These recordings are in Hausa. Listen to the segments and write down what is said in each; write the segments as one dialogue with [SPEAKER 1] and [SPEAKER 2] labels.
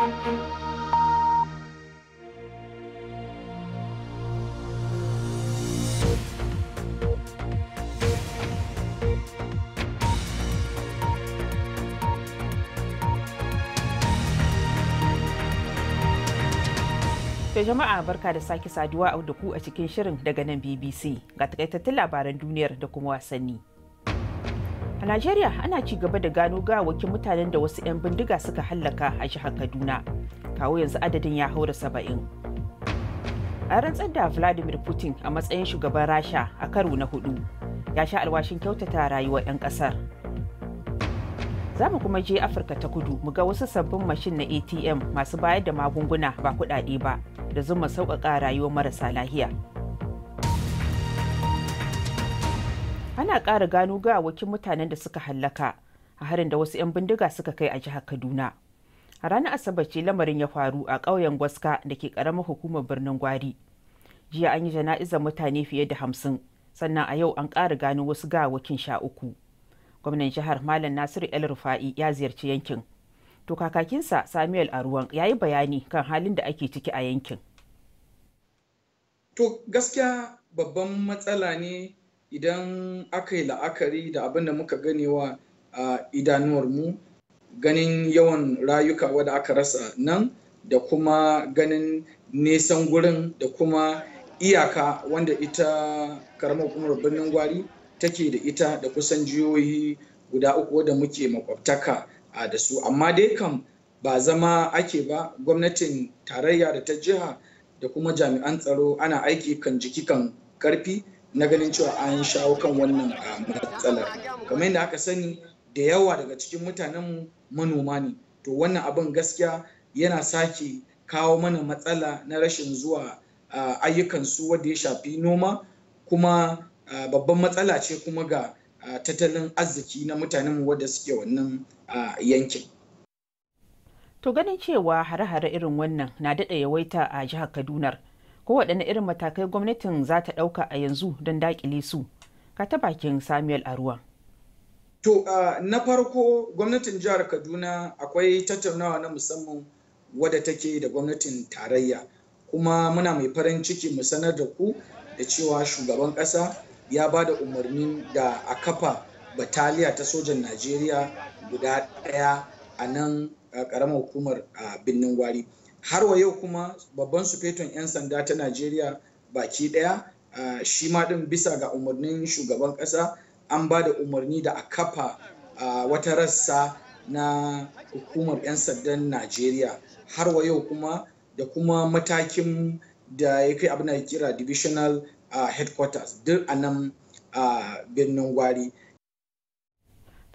[SPEAKER 1] To jama'a barka da sake saduwa a ku a cikin shirin daga nan BBC ga takaitattun labaran duniyar da kuma wasanni. A Najeriya ana ci gaba da gano gawaki mutanen da wasu 'yan bindiga suka hallaka a jihar Kaduna. Kawo yanzu adadin ya haura saba'in. A rantsar da Vladimir Putin a matsayin shugaban Rasha a karo na hudu ya sha alwashin kyautata rayuwar 'yan kasar. Za mu kuma je Afirka ta kudu mu ga wasu sabbin mashin na ATM masu bayar da magunguna ba kuɗaɗe ba da zuma sauƙaƙa rayuwar marasa lahiya. ana ƙara gano gawakin mutanen da suka hallaka a harin da wasu 'yan bindiga suka kai a jihar kaduna a ranar asabar ce lamarin ya faru a ƙauyen gwaska da ke ƙaramar hukumar birnin gwari jiya an yi jana'izar mutane fiye da hamsin sannan a yau an ƙara gano wasu gawakin sha uku gwamnan jihar malam nasiru el rufa'i ya ziyarci yankin to kakakinsa samuel aruwan ya yi bayani kan halin da ake ciki a yankin
[SPEAKER 2] to gaskiya babban matsala ne idan aka yi la'akari da abin da muka wa a idanuwarmu ganin yawan rayuka wadda aka rasa nan da kuma ganin nesan gurin da kuma iyaka wanda ita karamar hukumar birnin gwari take da ita da kusan jiyoyi guda uku wadda muke makwabtaka da su amma dai kan ba zama ake ba gwamnatin tarayya da ta jiha da kuma jami'an tsaro ana aiki kan jiki kan karfi na ganin cewa an shawo kan wannan ah, matsalar kamar yadda aka sani da yawa daga cikin mutanen manoma ne to wannan abin gaskiya yana sake kawo mana matsala na rashin zuwa ah, ayyukansu wadda ya shafi noma kuma ah, babban matsala ce kuma ga tattalin arziki na mutanen wadda suke wannan yankin.
[SPEAKER 1] To ganin cewa hare-hare irin wannan na daɗa yawaita a jihar Kaduna kowaɗanne irin matakai gwamnatin za ta ɗauka a yanzu don daƙile su ka ta bakin samuel aruwa
[SPEAKER 2] to uh, na farko gwamnatin jihar kaduna akwai tattaunawa na musamman wadda take da gwamnatin tarayya kuma muna mai farin ciki mu sanar da ku da cewa shugaban ƙasa ya ba da umarnin da a kafa bataliya ta sojan najeriya guda ɗaya a nan ƙaramar hukumar a birnin gwari har wa yau kuma babban sufeton 'yan sanda ta najeriya baki daya shi ma din bisa ga umarnin shugaban kasa an ba da umarni da a kafa wata rassa na hukumar 'yan sandan najeriya har wa yau kuma da kuma matakin da ya kai abin da kira divisional headquarters duk a nan birnin gwari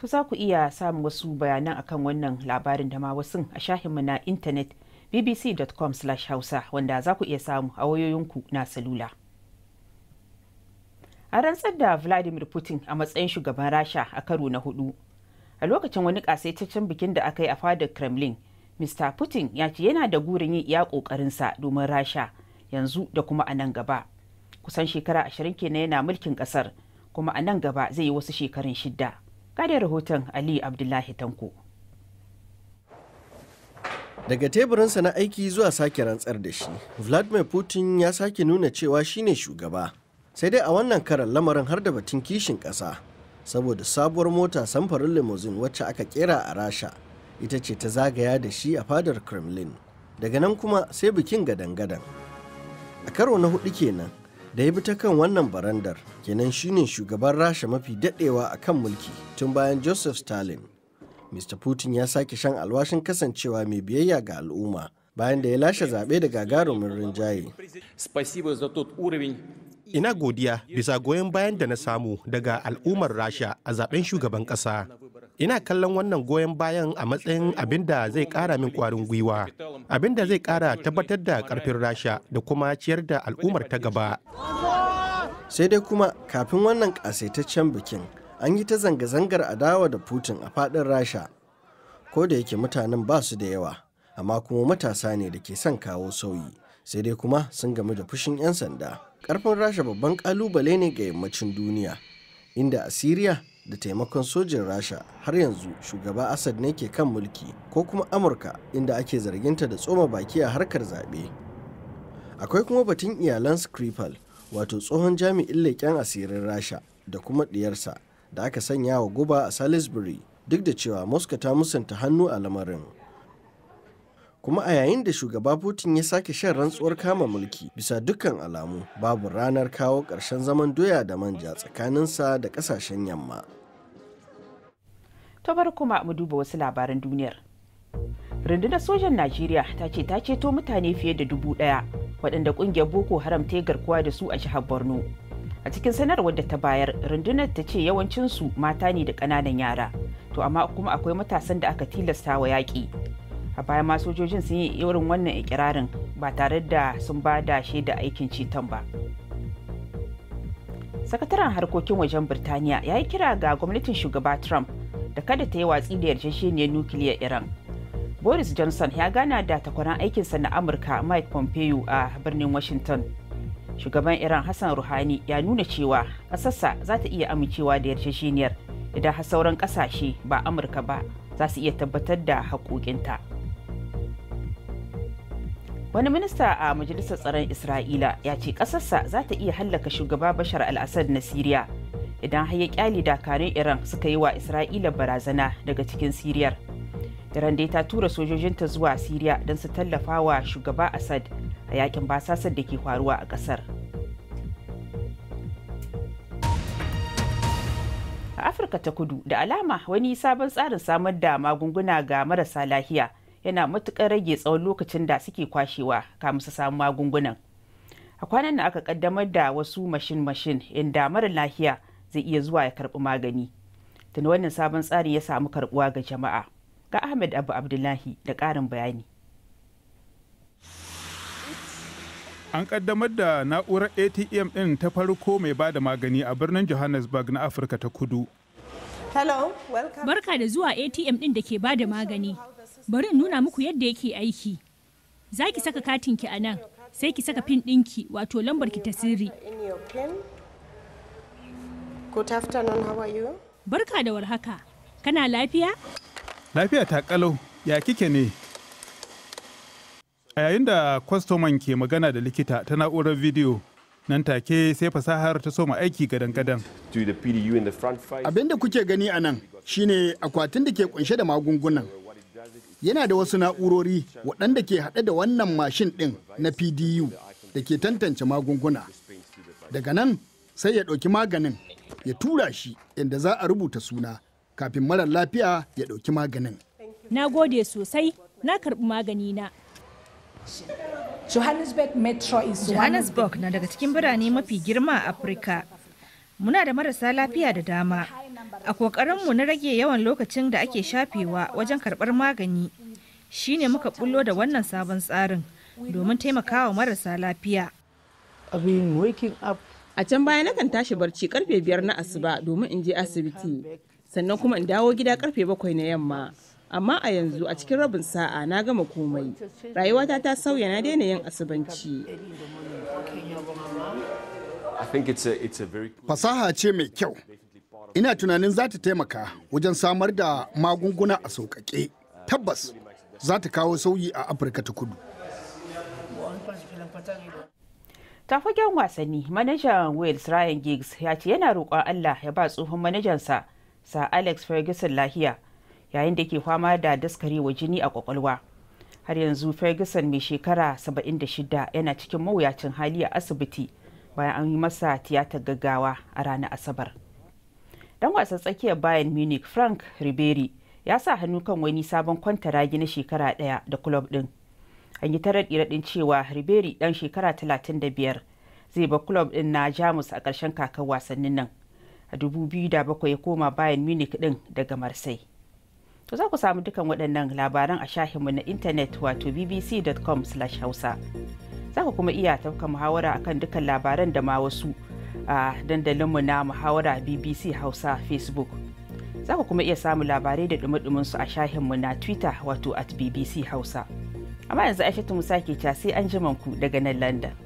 [SPEAKER 1] to za ku iya samun wasu bayanan akan wannan labarin da ma wasu a shahinmu na intanet bbc.com/hausa wanda za ku iya samu a wayoyinku na salula. A rantsar da Vladimir Putin a matsayin shugaban Rasha a karo na hudu. A lokacin wani kasaitaccen bikin da aka yi a fadar Kremlin, Mr. Putin ya ce yana da gurin yin iya sa domin Rasha yanzu da kuma a nan gaba. Kusan shekara ashirin kenan yana mulkin kasar kuma a nan gaba zai yi wasu shekarun shidda. Gade rahoton Ali Abdullahi Tanko.
[SPEAKER 3] Daga teburinsa na aiki zuwa sake rantsar da shi, Vladimir Putin ya sake nuna cewa shine shugaba. Sai dai a wannan karan lamarin har da batun kishin ƙasa, saboda sabuwar mota samfarin limousine wacce aka kera a Rasha, ita ce ta zagaya da shi a fadar Kremlin. Daga nan kuma sai bikin gadan-gadan. A karo na hudu kenan, da ya bi ta kan wannan barandar, kenan shine shugaban Rasha mafi daɗewa a kan mulki tun bayan Joseph Stalin. Mr. Putin ya sake shan alwashin kasancewa mai biyayya ga al'umma bayan da ya lashe zaɓe da gagarumin rinjaye. Ina godiya bisa goyon bayan da na samu daga al'ummar Rasha a zaɓen shugaban ƙasa. Ina kallon wannan goyon bayan a matsayin abin da zai ƙara min ƙwarin gwiwa, abin da zai ƙara tabbatar da ƙarfin Rasha da kuma ciyar da al'ummar ta gaba. Sai dai kuma kafin wannan ƙasaitaccen bikin, an yi ta zanga-zangar adawa da putin a fadin rasha ko da yake mutanen ba su da yawa amma kuma matasa ne da ke son kawo sauyi sai dai kuma sun gamu da fushin 'yan sanda karfin rasha babban kalubale ne ga yammacin duniya inda Asiriya da taimakon sojin rasha har yanzu shugaba Asad ne ke kan mulki ko kuma amurka inda ake zarginta da tsoma baki a harkar zaɓe akwai kuma batun iyalan skripal wato tsohon jami'in leƙen asirin rasha da kuma ɗiyarsa da aka sanya wa guba a salisbury duk da cewa moscow ta musanta hannu a lamarin kuma a yayin da shugaba putin ya sake shan rantsuwar kama mulki bisa dukkan alamu babu ranar kawo ƙarshen zaman doya da manja tsakaninsa da ƙasashen yamma
[SPEAKER 1] ta kuma mu duba wasu labaran duniyar rundunar sojan najeriya ta ce ta ceto mutane fiye da dubu daya waɗanda ƙungiyar boko haram ta yi garkuwa da su a jihar borno a cikin sanarwar da ta bayar rundunar ta ce yawancinsu mata ne da ƙananan yara to amma kuma akwai matasan da aka tilasta wa yaƙi a baya ma sojojin sun yi irin wannan ikirarin ba tare da sun ba da shaida aikin ceton ba sakataren harkokin wajen birtaniya ya yi kira ga gwamnatin shugaba trump da kada ta yi watsi da yarjejeniyar nukiliyar iran boris johnson ya gana da takwaran aikinsa na amurka mike pompeo a birnin washington shugaban iran hassan ruhani ya nuna cewa ƙasarsa za ta iya amincewa da yarjejeniyar idan har sauran ƙasashe ba amurka ba za su iya tabbatar da haƙoƙinta wani minista a majalisar tsaron isra'ila ya ce ƙasarsa za ta iya hallaka shugaba bashar al-assad na siriya idan har ya kyale dakarun iran suka yi wa isra'ila barazana daga cikin siriyar iran dai ta tura sojojinta zuwa siriya don su tallafa wa shugaba assad a yakin basasar da ke faruwa a ƙasar. A Afirka ta kudu da alama wani sabon tsarin samar da magunguna ga marasa lahiya yana matuƙar rage tsawon lokacin da suke kwashewa kamun su samu magungunan. A kwanan nan aka kaddamar da wasu mashin-mashin inda mara lahiya zai iya zuwa ya karɓi magani. Tun wannan sabon tsarin ya samu karɓuwa ga jama'a. Ga Ahmed Abu Abdullahi da ƙarin bayani. an kaddamar da na'urar atm ɗin ta farko mai ba da magani a birnin johannesburg na afirka ta kudu barka da zuwa atm ɗin da ke ba da magani bari in nuna muku yadda yake aiki za ki saka katinki a nan sai ki saka pin ɗinki wato lambar ki ta sirri barka da warhaka kana lafiya lafiya ta kalau ya kike ne a yayin da kwastoman ke magana da likita ta na'urar bidiyo nan take sai fasahar ta soma aiki gadan-gadan abin da kuke gani a nan shine akwatin da ke kunshe da magungunan yana da wasu na'urori waɗanda ke haɗe da wannan mashin ɗin na pdu da ke tantance magunguna daga nan sai ya ɗauki maganin ya tura shi inda za a rubuta suna kafin marar lafiya ya ɗauki maganin na gode sosai na karɓi magani na Johannesburg Metro na daga cikin birane mafi girma a Afirka. Muna da marasa lafiya da dama. A ƙoƙarinmu na rage yawan lokacin da ake shafewa wajen karɓar magani, shi ne muka bullo da wannan sabon tsarin domin taimakawa marasa lafiya. A can baya nakan tashi barci karfe biyar na asuba domin in je asibiti, sannan kuma in dawo gida karfe bakwai na yamma. amma a yanzu a cikin rabin sa'a na gama komai rayuwata ta sauya na daina yin asubanci fasaha ce mai kyau ina tunanin za ta taimaka wajen samar da magunguna a sauƙaƙe tabbas za ta kawo sauyi a afirka ta kudu ta wasanni manajan wales ryan giggs ya ce yana roƙon allah ya ba tsohon manajansa sa alex ferguson lahiya yayin da ke fama da daskarewa jini a kwakwalwa har yanzu ferguson mai shekara 76 yana cikin mawuyacin hali a asibiti bayan an yi masa tiyatar gaggawa a ranar asabar dan wasan tsakiyar bayan munich frank ribery ya sa hannu kan wani sabon ragi na shekara daya da kulob din an yi tarar ɗin cewa ribery dan shekara 35 zai ba kulob din na jamus a karshen kakar wasannin nan a 2007 ya koma bayan munich din daga marseille To za ku samu dukan waɗannan labaran a shahinmu na intanet wato bbc.com/hausa. Za ku kuma iya tafka muhawara a kan dukan labaran da ma wasu a dandalinmu na muhawara BBC Hausa Facebook. Za ku kuma iya samun labarai da dumi su a shahinmu na Twitter wato at BBC Hausa. Amma yanzu Aishatu Musa sake ta sai an ku daga nan London.